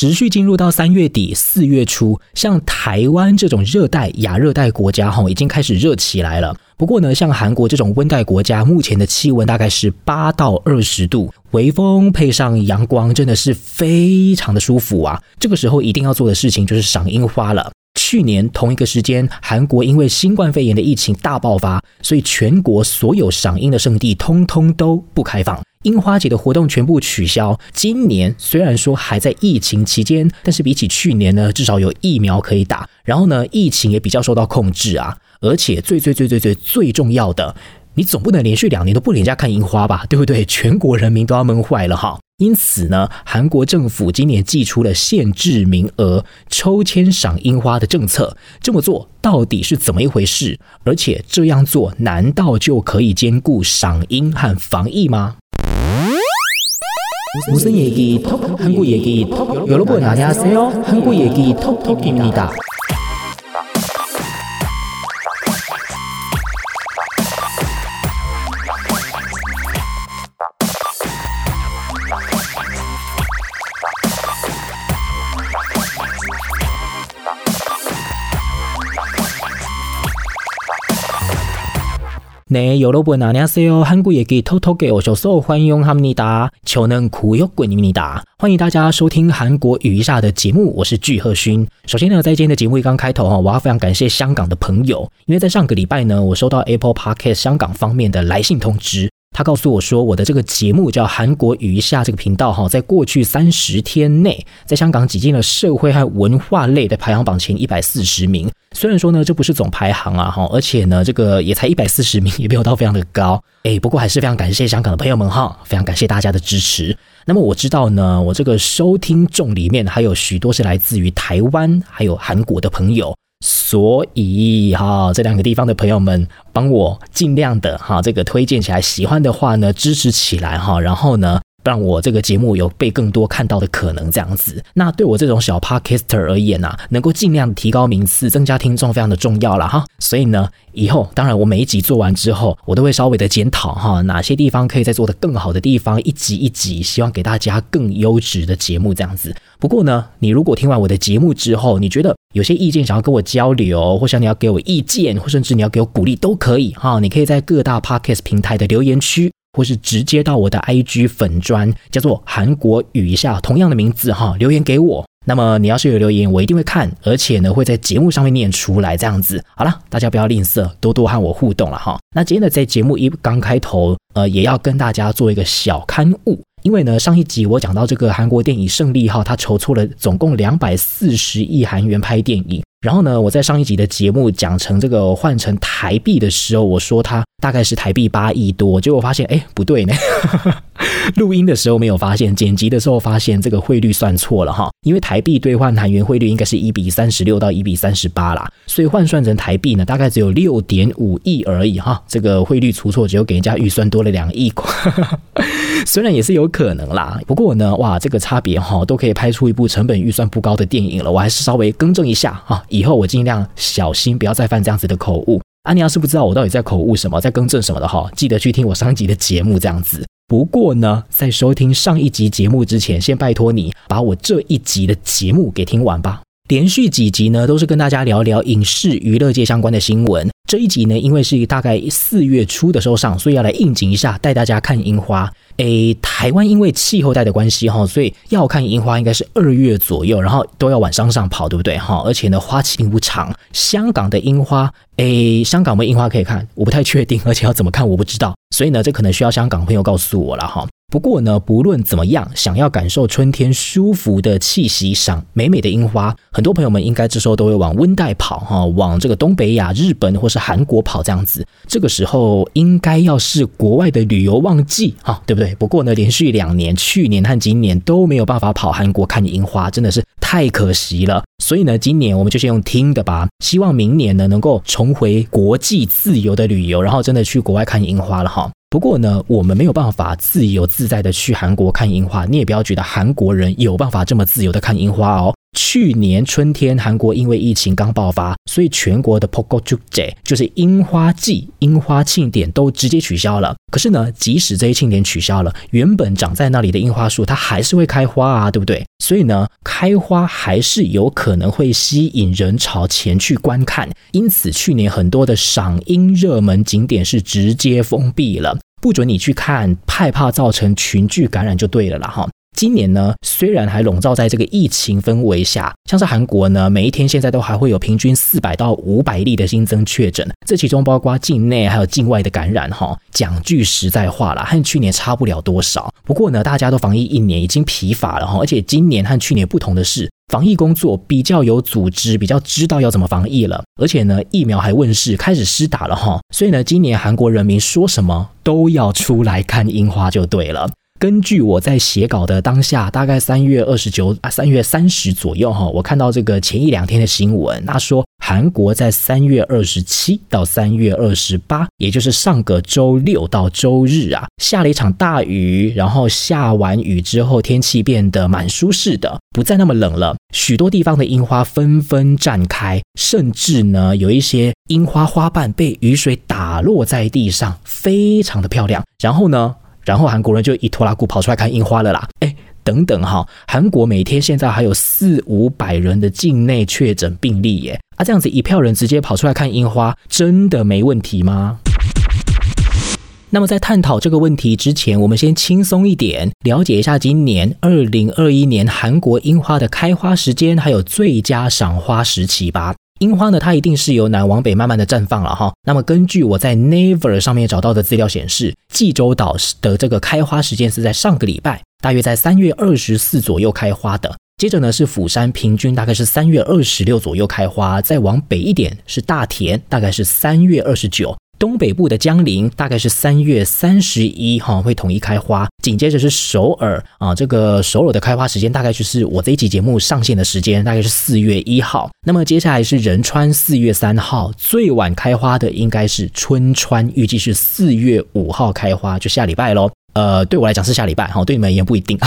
持續進入到三月底四月初，像台灣這種熱帶亞熱帶國家，哈，已經開始熱起來了。不過呢，像韓國這種溫帶國家，目前的氣溫大概是八到二十度，微風配上陽光，真的是非常的舒服啊。這個時候一定要做的事情就是賞櫻花了。去年同一個時間，韓國因為新冠肺炎的疫情大爆發，所以全國所有賞櫻的聖地通通都不開放。櫻花節的活動全部取消。今年雖然說還在疫情期間，但是比起去年呢，至少有疫苗可以打，然後呢，疫情也比較受到控制啊。而且最最最最最最最重要的。你總不能連續兩年都不連家看櫻花吧，對不對？全國人民都要悶壞了哈。因此呢，韓國政府今年祭出了限制名額、抽簽賞櫻花的政策。這麼做到底是怎麼一回事？而且這樣做難道就可以兼顧賞櫻和防疫嗎？無聲얘기톡한국얘기톡여러분안녕하세요한국얘기톡톡입니다네여러분안녕하세요한국에게토톡해오셔서환영합니다저는구혁훈입니다歡迎大家收聽韓國語一下的節目，我是具赫勳。首先呢，在今天的節目剛開頭哈，我要非常感謝香港的朋友，因為在上個禮拜呢，我收到 Apple Podcast 香港方面的來信通知。他告訴我說，我的這個節目叫《韓國語一下》這個頻道哈，在過去三十天內，在香港擠進了社會和文化類的排行榜前一百四十名。雖然說呢，這不是總排行啊哈，而且呢，這個也才一百四十名，也沒有到非常的高。哎，不過還是非常感謝香港的朋友們哈，非常感謝大家的支持。那麼我知道呢，我這個收聽眾裡面還有許多是來自於台灣，還有韓國的朋友。所以哈，這兩個地方的朋友們，幫我盡量的哈，這個推薦起來，喜歡的話呢，支持起來哈，然後呢。讓我這個節目有被更多看到的可能，這樣子。那對我這種小 podcaster 而言啊，能夠盡量提高名次，增加聽眾，非常的重要了哈。所以呢，以後當然我每一集做完之後，我都會稍微的檢討哈，哪些地方可以再做的更好的地方，一集一集，希望給大家更優質的節目這樣子。不過呢，你如果聽完我的節目之後，你覺得有些意見想要跟我交流，或想你要給我意見，或甚至你要給我鼓勵都可以哈。你可以在各大 podcast 平台的留言區。或是直接到我的 IG 粉專，叫做韓國語一下，同樣的名字哈、哦，留言給我。那麼你要是有留言，我一定會看，而且呢，會在節目上面念出來這樣子。好啦，大家不要吝嗇，多多和我互動了哈、哦。那今天呢，在節目一剛開頭，呃，也要跟大家做一個小刊物，因為呢，上一集我講到這個韓國電影勝利號，他籌措了總共兩百四十億韓元拍電影，然後呢，我在上一集的節目講成這個換成台幣的時候，我說他。大概是台幣八億多，結果發現哎不對呢，呵呵，錄音的時候沒有發現，剪輯的時候發現這個匯率算錯了哈，因為台幣兌換韓元匯率應該是一比三十六到一比三十八啦，所以換算成台幣呢，大概只有六點五億而已哈，這個匯率出錯，只有給人家預算多了兩億塊呵呵，雖然也是有可能啦，不過呢，哇這個差別哈，都可以拍出一部成本預算不高的電影了，我還是稍微更正一下哈，以後我盡量小心，不要再犯這樣子的口誤。啊，你要是不知道我到底在口誤什麼，在更正什麼的哈，記得去聽我上一集的節目這樣子。不過呢，在收聽上一集節目之前，先拜託你把我這一集的節目給聽完吧。連續幾集呢，都是跟大家聊聊影視娛樂界相關的新聞。這一集呢，因為是大概四月初的時候上，所以要來應景一下，帶大家看櫻花。誒、欸，台灣因為氣候帶的關係哈，所以要看櫻花應該是二月左右，然後都要往山上，上跑，對不對哈？而且呢，花期並不長。香港的櫻花，誒、欸，香港有沒有櫻花可以看，我不太確定，而且要怎麼看我不知道，所以呢，這可能需要香港朋友告訴我了哈。不過呢，不論怎麼樣，想要感受春天舒服的氣息上，賞美美的櫻花，很多朋友們應該這時候都會往溫帶跑哈，往這個東北亞、日本或是韓國跑這樣子。這個時候應該要是國外的旅遊旺季哈，對不對？不過呢，連續兩年，去年和今年都沒有辦法跑韓國看櫻花，真的是太可惜了。所以呢，今年我們就先用聽的吧。希望明年呢，能夠重回國際自由的旅遊，然後真的去國外看櫻花了哈。不過呢，我們沒有辦法自由自在的去韓國看櫻花，你也不要覺得韓國人有辦法這麼自由的看櫻花哦。去年春天，韓國因為疫情剛爆發，所以全國的 Pogojujji 就是櫻花季、櫻花慶典都直接取消了。可是呢，即使這些慶典取消了，原本長在那裡的櫻花樹，它還是會開花啊，對不對？所以呢，開花還是有可能會吸引人潮前去觀看。因此，去年很多的賞櫻熱門景點是直接封閉了，不准你去看，害怕造成群聚感染就對了啦，哈。今年呢，雖然還籠罩在這個疫情氛圍下，像是韓國呢，每一天現在都還會有平均四百到五百例的新增確診，這其中包括境內還有境外的感染哈。講句實在話啦，和去年差不了多少。不過呢，大家都防疫一年已經疲乏了哈，而且今年和去年不同的是，防疫工作比較有組織，比較知道要怎麼防疫了。而且呢，疫苗還問世，開始施打了哈。所以呢，今年韓國人民說什麼都要出來看櫻花就對了。根據我在寫稿的當下，大概三月二十九啊，三月三十左右哈，我看到這個前一兩天的新聞，他說韓國在三月二十七到三月二十八，也就是上個週六到週日啊，下了一場大雨，然後下完雨之後天氣變得蠻舒適的，不再那麼冷了，許多地方的櫻花紛紛綻開，甚至呢有一些櫻花花瓣被雨水打落在地上，非常的漂亮，然後呢。然後韓國人就一拖拉庫，跑出來看櫻花了啦！哎，等等哈，韓國每天現在還有四五百人的境內確診病例耶啊，這樣子一票人直接跑出來看櫻花，真的沒問題嗎？ 那麼在探討這個問題之前，我們先輕鬆一點，了解一下今年二零二一年韓國櫻花的開花時間還有最佳賞花時期吧。櫻花呢，它一定是由南往北慢慢的綻放了哈。那麼根據我在 Naver 上面找到的資料顯示，濟州島的這個開花時間是在上個禮拜，大約在三月二十四左右開花的。接着呢是釜山，平均大概是三月二十六左右開花。再往北一點是大田，大概是三月二十九。東北部的江陵大概是三月三十一號會統一開花，緊接着是首爾啊，這個首爾的開花時間大概就是我這一期節目上線的時間，大概是四月一號。那麼接下來是仁川4月3號，四月三號最晚開花的應該是春川，預計是四月五號開花，就下禮拜咯。呃，對我來講是下禮拜，好、啊，對你們而言不一定。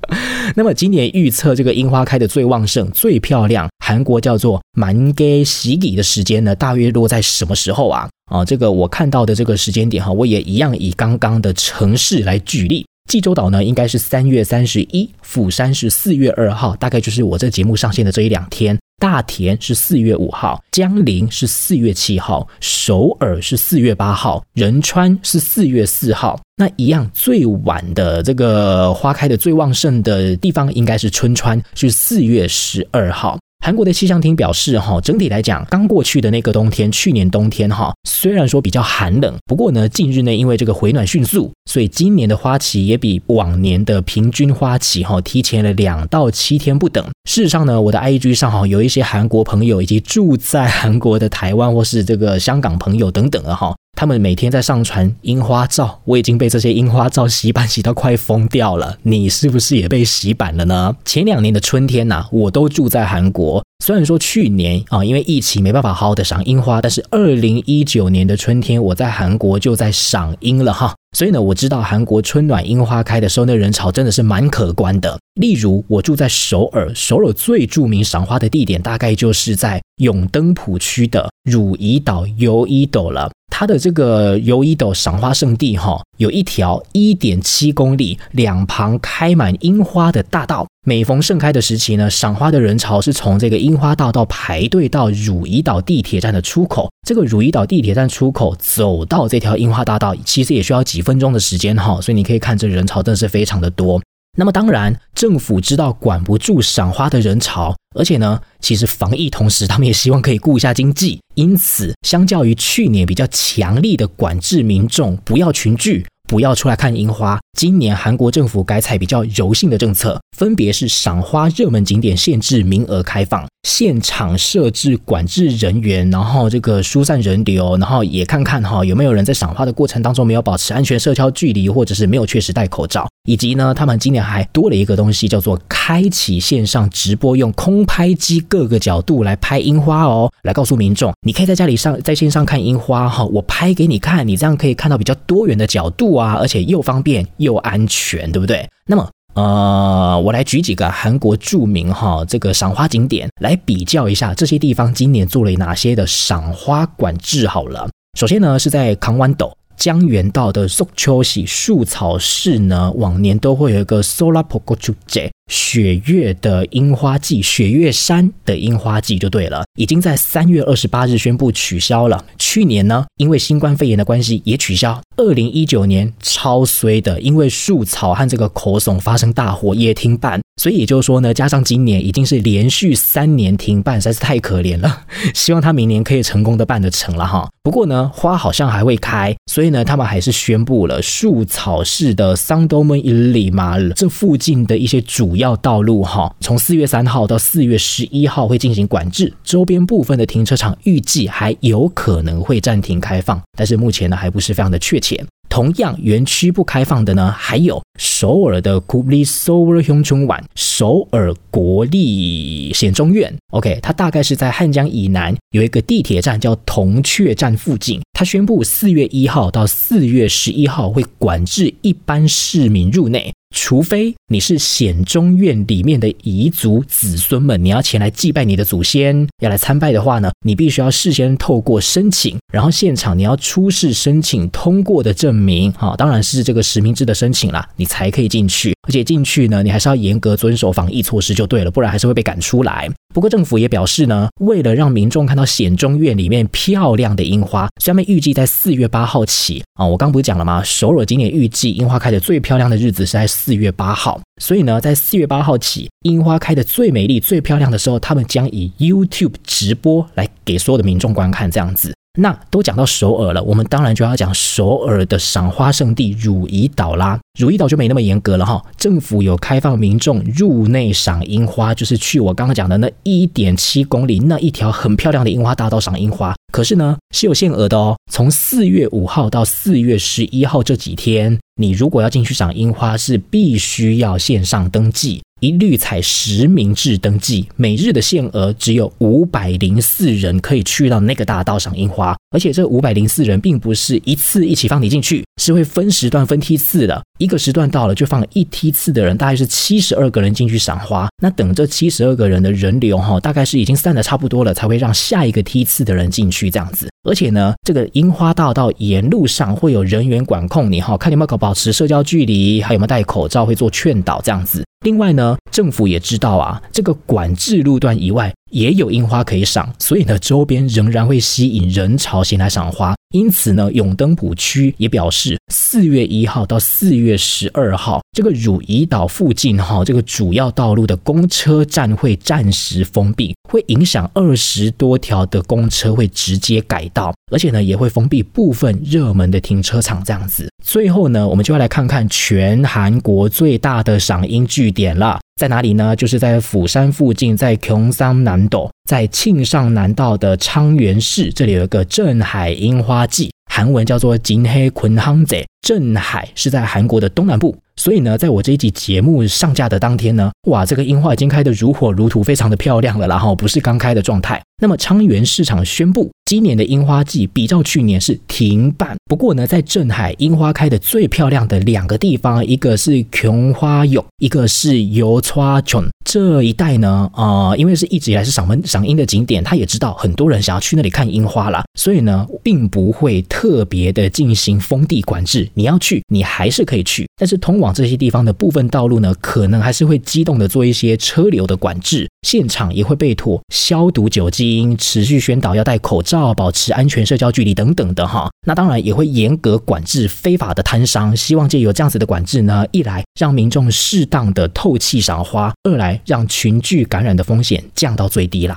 那麼今年預測這個櫻花開得最旺盛、最漂亮，韓國叫做滿街洗禮的時間呢，大約落在什麼時候啊？啊，這個我看到的這個時間點哈，我也一樣以剛剛的城市來舉例。濟州島呢，應該是三月三十一，釜山是四月二號，大概就是我這個節目上線的這一兩天。大田是四月五號，江陵是四月七號，首爾是四月八號，仁川是四月四號。那一樣最晚的這個花開的最旺盛的地方應該是春川，是四月十二號。韓國的氣象廳表示，哈，整體來講，剛過去的那個冬天，去年冬天，哈，雖然說比較寒冷，不過呢，近日內因為這個回暖迅速，所以今年的花期也比往年的平均花期，哈，提前了兩到七天不等。事實上呢，我的 IG 上哈，有一些韓國朋友以及住在韓國的台灣或是這個香港朋友等等的哈。他們每天在上傳櫻花照，我已經被這些櫻花照洗版洗到快瘋掉了。你是不是也被洗版了呢？前兩年的春天呢、啊，我都住在韓國。雖然說去年啊，因為疫情沒辦法好好的賞櫻花，但是二零一九年的春天，我在韓國就在賞櫻了哈。所以呢，我知道韓國春暖櫻花開的時候，那人潮真的是蠻可觀的。例如，我住在首爾，首爾最著名賞花的地點大概就是在永登浦區的汝矣島、游矣島了。它的這個汝矣島賞花勝地哈，有一條一點七公里、兩旁開滿櫻花的大道。每逢盛開的時期呢，賞花的人潮是從這個櫻花大道排隊到汝矣島地鐵站的出口。這個汝矣島地鐵站出口走到這條櫻花大道，其實也需要幾分鐘的時間哈。所以你可以看這人潮真的是非常的多。那麼當然，政府知道管不住賞花的人潮，而且呢，其實防疫同時，他們也希望可以顧一下經濟。因此，相較於去年比較強力的管制民眾，不要群聚、不要出來看櫻花。今年韓國政府改採比較柔性的政策，分別是賞花熱門景點限制名額開放，現場設置管制人員，然後這個疏散人流，然後也看看哈、哦、有沒有人在賞花的過程當中沒有保持安全社交距離，或者是沒有確實戴口罩。以及呢，他們今年還多了一個東西，叫做開啟線上直播，用空拍機各個角度來拍櫻花哦，來告訴民眾，你可以在家裡上在線上看櫻花哈、哦，我拍給你看，你這樣可以看到比較多元的角度啊，而且又方便又。又安全，對不對？那麼，呃，我來舉幾個韓國著名哈這個賞花景點來比較一下，這些地方今年做了哪些的賞花管制？好了，首先呢是在康灣斗。江原道的素秋喜束草市呢，往年都會有一個 solar pokochuji 雪嶽的櫻花季，雪嶽山的櫻花季就對了，已經在三月二十八日宣布取消了。去年呢，因為新冠肺炎的關係也取消。二零一九年超衰的，因為束草和這個高城發生大火也停辦。所以也就是說呢，加上今年已經是連續三年停辦，實在是太可憐了。希望他明年可以成功的辦得成了哈。不過呢，花好像還會開，所以呢，他們還是宣布了樹草市的桑多門以里嘛，這附近的一些主要道路哈，從四月三號到四月十一號會進行管制，周邊部分的停車場預計還有可能會暫停開放，但是目前呢，還不是非常的確切。同樣，園區不開放的呢，還有首爾的 g Sower Kubli 國立 u n One（ 首爾國立顯忠院。OK，它大概是在漢江以南有一個地鐵站叫銅雀站附近。它宣布四月一號到四月十一號會管制一般市民入內。除非你是顯忠院裡面的遺族子孫們，你要前來祭拜你的祖先，要來參拜的話呢，你必須要事先透過申請，然後現場你要出示申請通過的證明，好、哦，當然是這個實名制的申請啦，你才可以進去，而且進去呢，你還是要嚴格遵守防疫措施就對了，不然還是會被趕出來。不過政府也表示呢，為了讓民眾看到顯忠院裡面漂亮的櫻花，下面預計在四月八號起啊，我剛不是講了嗎？首爾今年預計櫻花開的最漂亮的日子是在四月八號，所以呢，在四月八號起，櫻花開的最美麗、最漂亮的時候，他們將以 YouTube 直播來給所有的民眾觀看，這樣子。那都講到首爾了，我們當然就要講首爾的賞花勝地汝矣島啦。汝矣島就沒那麼嚴格了哈、哦，政府有開放民眾入內賞櫻花，就是去我剛剛講的那一點七公里那一條很漂亮的櫻花大道賞櫻花。可是呢，是有限額的哦。從四月五號到四月十一號這幾天，你如果要進去賞櫻花，是必須要線上登記，一律採實名制登記。每日的限額只有五百零四人可以去到那個大道賞櫻花，而且這五百零四人並不是一次一起放你進去，是會分時段、分批次的。一個時段到了，就放了一梯次的人，大概是七十二個人進去賞花。那等這七十二個人的人流哈、哦，大概是已經散的差不多了，才會讓下一個梯次的人進去這樣子。而且呢，這個櫻花大道沿路上會有人員管控你，你哈看你們可保持社交距離，還有沒有戴口罩，會做勸導這樣子。另外呢，政府也知道啊，這個管制路段以外也有櫻花可以賞，所以呢，周邊仍然會吸引人潮前來賞花。因此呢，永登浦區也表示。四月一號到四月十二號，這個汝矣島附近哈，這個主要道路的公車站會暫時封閉，會影響二十多條的公車會直接改道，而且呢，也會封閉部分熱門的停車場這樣子。最後呢，我們就要來看看全韓國最大的賞櫻據點了，在哪裡呢？就是在釜山附近，在慶尚南道，在慶尚南道的昌原市，這裡有一個鎮海櫻花季。韓文叫做金黑捆漢澤，鎮海是在韓國的東南部，所以呢，在我這一集節目上架的當天呢，哇，這個櫻花已經開得如火如荼，非常的漂亮了，然後不是剛開的狀態。那麼昌原市場宣布，今年的櫻花季比照去年是停辦。不過呢，在鎮海櫻花開的最漂亮的兩個地方，一個是瓊花湧，一個是油川瓊。這一帶呢，啊、呃，因為是一直以來是賞聞賞櫻的景點，他也知道很多人想要去那裡看櫻花啦，所以呢，並不會特別的進行封閉管制。你要去，你還是可以去。但是通往這些地方的部分道路呢，可能還是會機動的做一些車流的管制，現場也會被妥消毒酒精。因持續宣導要戴口罩、保持安全社交距離等等的哈，那當然也會嚴格管制非法的攤商。希望借由這樣子的管制呢，一來讓民眾適當的透氣賞花，二來讓群聚感染的風險降到最低啦。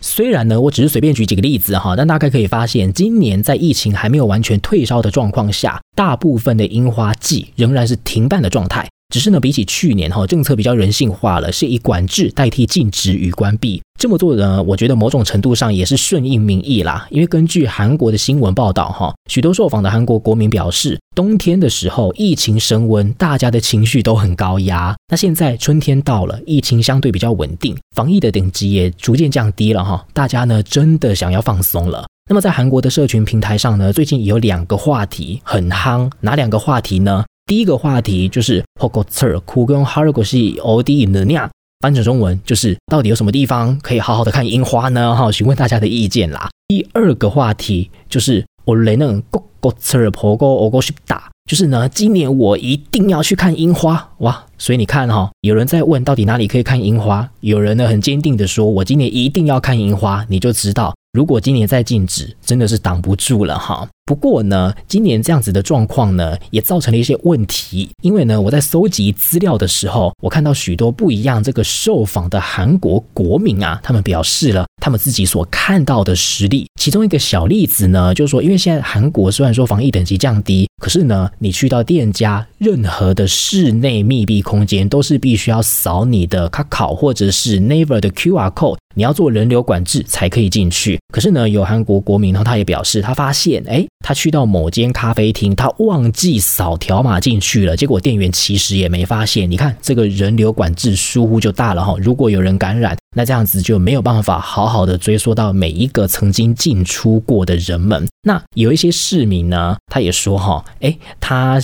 雖然呢，我只是隨便舉幾個例子哈，但大概可以發現，今年在疫情還沒有完全退燒的狀況下，大部分的櫻花季仍然是停辦的狀態。只是呢，比起去年哈，政策比較人性化了，是以管制代替禁止與關閉。這麼做的呢，我覺得某種程度上也是順應民意啦。因為根據韓國的新聞報道哈，許多受訪的韓國國民表示，冬天的時候疫情升溫，大家的情緒都很高壓。那現在春天到了，疫情相對比較穩定，防疫的等級也逐漸降低了哈。大家呢，真的想要放鬆了。那麼在韓國的社群平台上呢，最近也有兩個話題很夯，哪兩個話題呢？第一個話題就是 Hokogurashi ku ga haragoshi odi n a 翻譯成中文就是，到底有什麼地方可以好好的看櫻花呢？哈、哦，詢問大家的意見啦。第二個話題就是我 r e n e k o g u r a s o g o ogoshi 就是呢，今年我一定要去看櫻花。哇，所以你看哈、哦，有人在問到底哪裡可以看櫻花，有人呢，很堅定的說，我今年一定要看櫻花，你就知道，如果今年再禁止，真的是擋不住了哈、哦。不過呢，今年這樣子的狀況呢，也造成了一些問題。因為呢，我在搜集資料的時候，我看到許多不一樣這個受訪的韓國國民啊，他們表示了他們自己所看到的實例。其中一個小例子呢，就是說，因為現在韓國雖然說防疫等級降低，可是呢，你去到店家，任何的室內密閉空間都是必須要掃你的 Kakao 或者是 Naver 的 QR code，你要做人流管制才可以進去。可是呢，有韓國國民，呢，他也表示，他發現，哎，他去到某間咖啡廳，他忘記掃條碼進去了，結果店員其實也沒發現。你看，這個人流管制疏忽就大了哈，如果有人感染。那這樣子就沒有辦法好好的追溯到每一個曾經進出過的人們。那有一些市民呢，他也說哈，哎、欸，他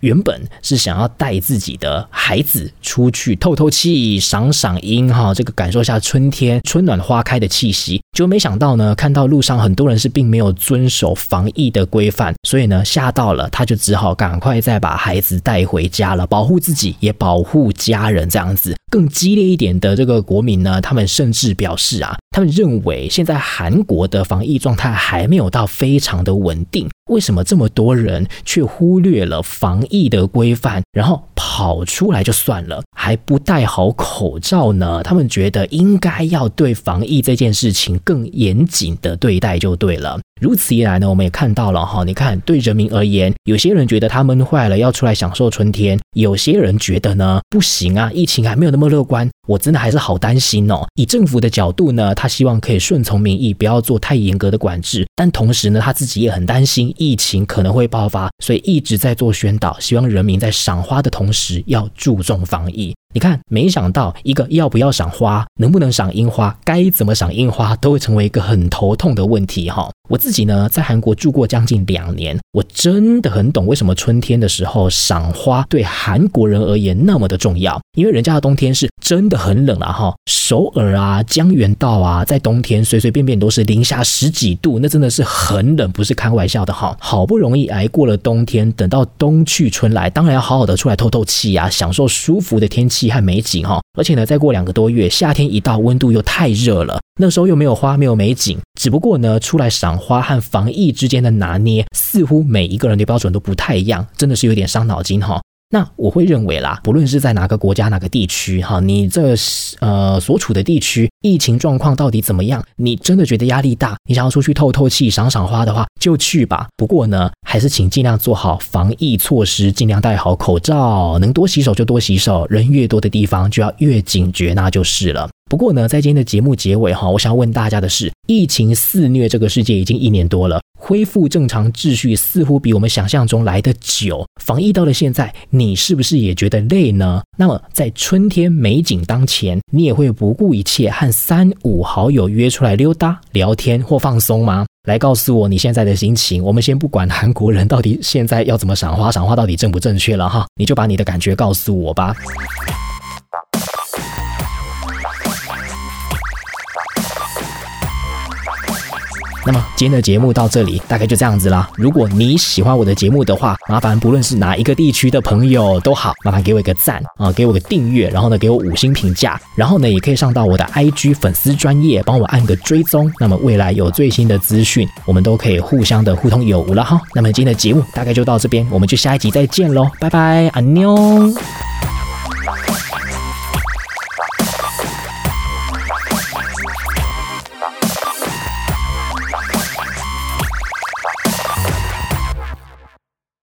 原本是想要帶自己的孩子出去透透氣、賞賞櫻哈，這個感受一下春天春暖花開的氣息，就沒想到呢，看到路上很多人是並沒有遵守防疫的規範，所以呢嚇到了，他就只好趕快再把孩子帶回家了，保護自己也保護家人，這樣子。更激烈一點的這個國民呢，他。他們甚至表示啊，他們認為現在韓國的防疫狀態還沒有到非常的穩定，為什麼這麼多人卻忽略了防疫的規範，然後跑出來就算了，還不戴好口罩呢？他們覺得應該要對防疫這件事情更嚴謹的對待就對了。如此一來呢，我們也看到了哈，你看對人民而言，有些人覺得他悶壞了，要出來享受春天；有些人覺得呢，不行啊，疫情還沒有那麼樂觀，我真的還是好擔心哦。以政府的角度呢，他希望可以順從民意，不要做太嚴格的管制，但同時呢，他自己也很擔心疫情可能會爆發，所以一直在做宣導，希望人民在賞花的同時要注重防疫。你看，沒想到一個要不要賞花，能不能賞櫻花，該怎麼賞櫻花，都會成為一個很頭痛的問題哈。我自己呢，在韓國住過將近兩年，我真的很懂為什麼春天的時候賞花對韓國人而言那麼的重要，因為人家的冬天是真的很冷了啊哈。首爾啊，江原道啊，在冬天隨隨便便都是零下十幾度，那真的是很冷，不是開玩笑的哈。好不容易挨過了冬天，等到冬去春來，當然要好好的出來透透氣啊，享受舒服的天氣。和美景哈，而且呢，再過兩個多月，夏天一到，溫度又太熱了，那時候又沒有花，沒有美景。只不過呢，出來賞花和防疫之間的拿捏，似乎每一個人的標準都不太一樣，真的是有點傷腦筋哈。那我會認為啦，不論是在哪個國家哪個地區，哈，你這呃所處的地區疫情狀況到底怎麼樣？你真的覺得壓力大，你想要出去透透氣、賞賞花的話，就去吧。不過呢，還是請盡量做好防疫措施，盡量戴好口罩，能多洗手就多洗手。人越多的地方就要越警覺，那就是了。不過呢，在今天的節目結尾哈，我想要問大家的是：疫情肆虐這個世界已經一年多了，恢復正常秩序似乎比我們想象中來得久。防疫到了現在，你是不是也覺得累呢？那麼在春天美景當前，你也會不顧一切和三五好友約出來溜達、聊天或放鬆嗎？來告訴我你現在的心情。我們先不管韓國人到底現在要怎麼賞花，賞花到底正不正確了哈，你就把你的感覺告訴我吧。那麼今天的節目到這裡，大概就這樣子啦。如果你喜歡我的節目的話，麻煩不論是哪一個地區的朋友都好，麻煩給我一個讚啊，給我個訂閱，然後呢，給我五星評價，然後呢也可以上到我的 IG 粉絲專頁，幫我按個追蹤。那麼未來有最新的資訊，我們都可以互相的互通有無了哈。那麼今天的節目大概就到這邊，我們就下一集再見嘍，拜拜，안녕。